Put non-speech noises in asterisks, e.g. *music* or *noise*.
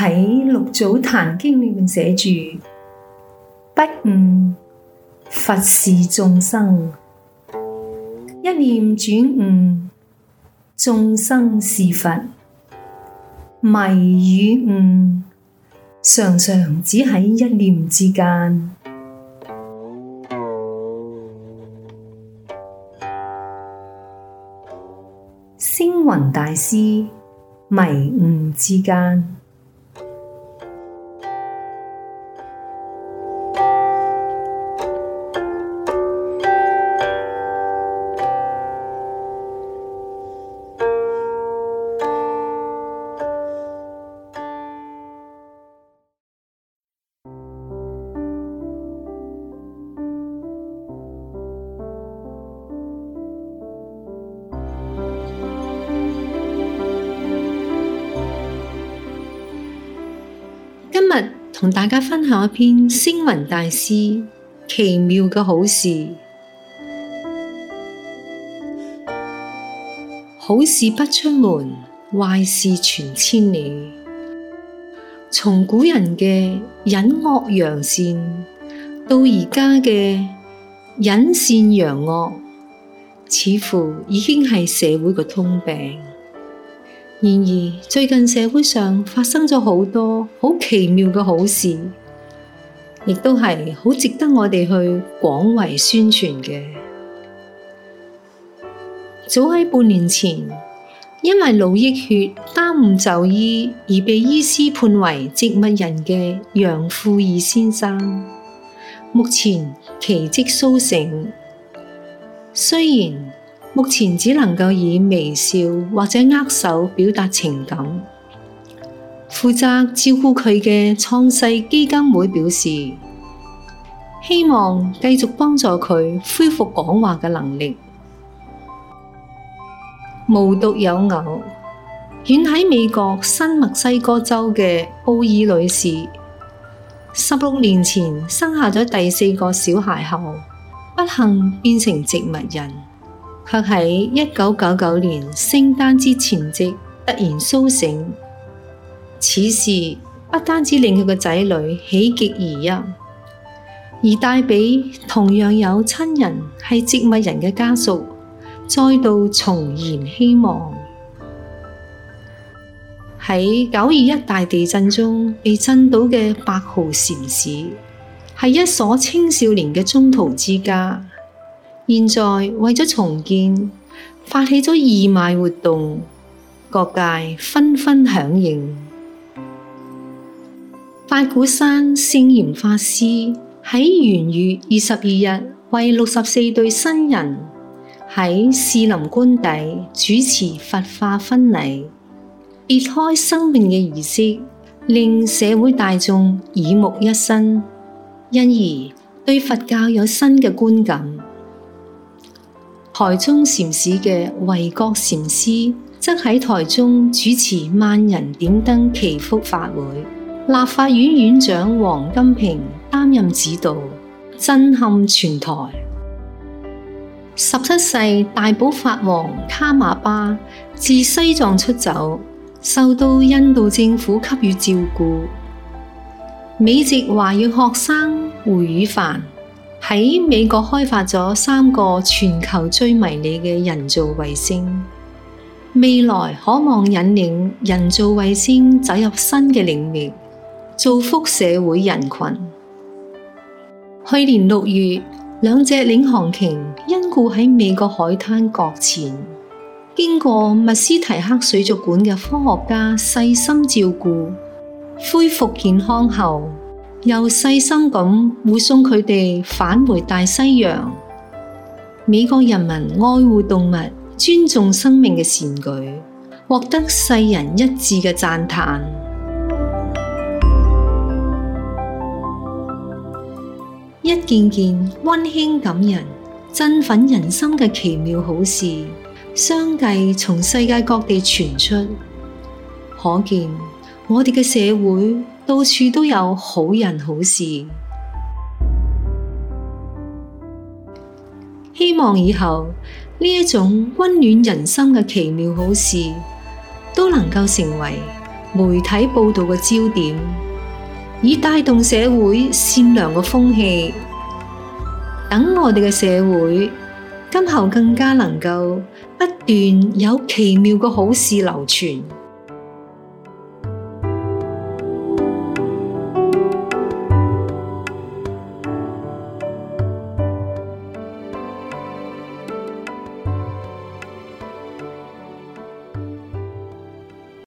喺六祖壇經裏面寫住不悟佛是眾生，一念轉悟眾生是佛，迷與悟常常只喺一念之間。星雲大師迷悟之間。同大家分享一篇星雲大師奇妙嘅好事。好事不出門，壞事傳千里。從古人嘅隱惡揚善，到而家嘅隱善揚惡，似乎已經係社會嘅通病。然而，最近社會上發生咗好多好奇妙嘅好事，亦都係好值得我哋去廣為宣傳嘅。早喺半年前，因為腦溢血耽誤就醫而被醫師判為植物人嘅楊富二先生，目前奇蹟蘇醒，雖然，目前只能夠以微笑或者握手表達情感。負責照顧佢嘅創世基金會表示，希望繼續幫助佢恢復講話嘅能力。無獨有偶，遠喺美國新墨西哥州嘅奧爾女士，十六年前生下咗第四個小孩後，不幸變成植物人。卻喺一九九九年聖誕之前夕突然蘇醒，此事不單止令佢個仔女喜極而泣，而帶俾同樣有親人係植物人嘅家屬再度重燃希望。喺九二一大地震中被震倒嘅白毫禪寺，係一所青少年嘅中途之家。現在為咗重建，發起咗義賣活動，各界紛紛響應。法鼓山聖嚴法師喺元月二十二日為六十四對新人喺士林官邸主持佛化婚禮，別開生面嘅儀式令社會大眾耳目一新，因而對佛教有新嘅觀感。台中禪寺嘅維國禪師，則喺台中主持萬人點燈祈福法會，立法院院長王金平擔任指導，震撼全台。十七世大寶法王卡瑪巴自西藏出走，受到印度政府給予照顧。美籍華裔學生胡宇凡。喺美國開發咗三個全球最迷你嘅人造衛星，未來可望引領人造衛星走入新嘅領域，造福社會人群。去年六月，兩隻領航鯨因故喺美國海灘擱淺，經過密斯提克水族館嘅科學家細心照顧，恢復健康後。又細心咁護送佢哋返回大西洋。美國人民愛護動物，尊重生命嘅善舉，獲得世人一致嘅讚嘆。 *music* 一件件溫馨感人、振奮人心嘅奇妙好事，相繼從世界各地傳出，可見我哋嘅社會，到處都有好人好事，希望以後呢一種溫暖人心嘅奇妙好事都能夠成為媒體報道嘅焦點，以帶動社會善良嘅風氣，等我哋嘅社會今後更加能夠不斷有奇妙嘅好事流傳。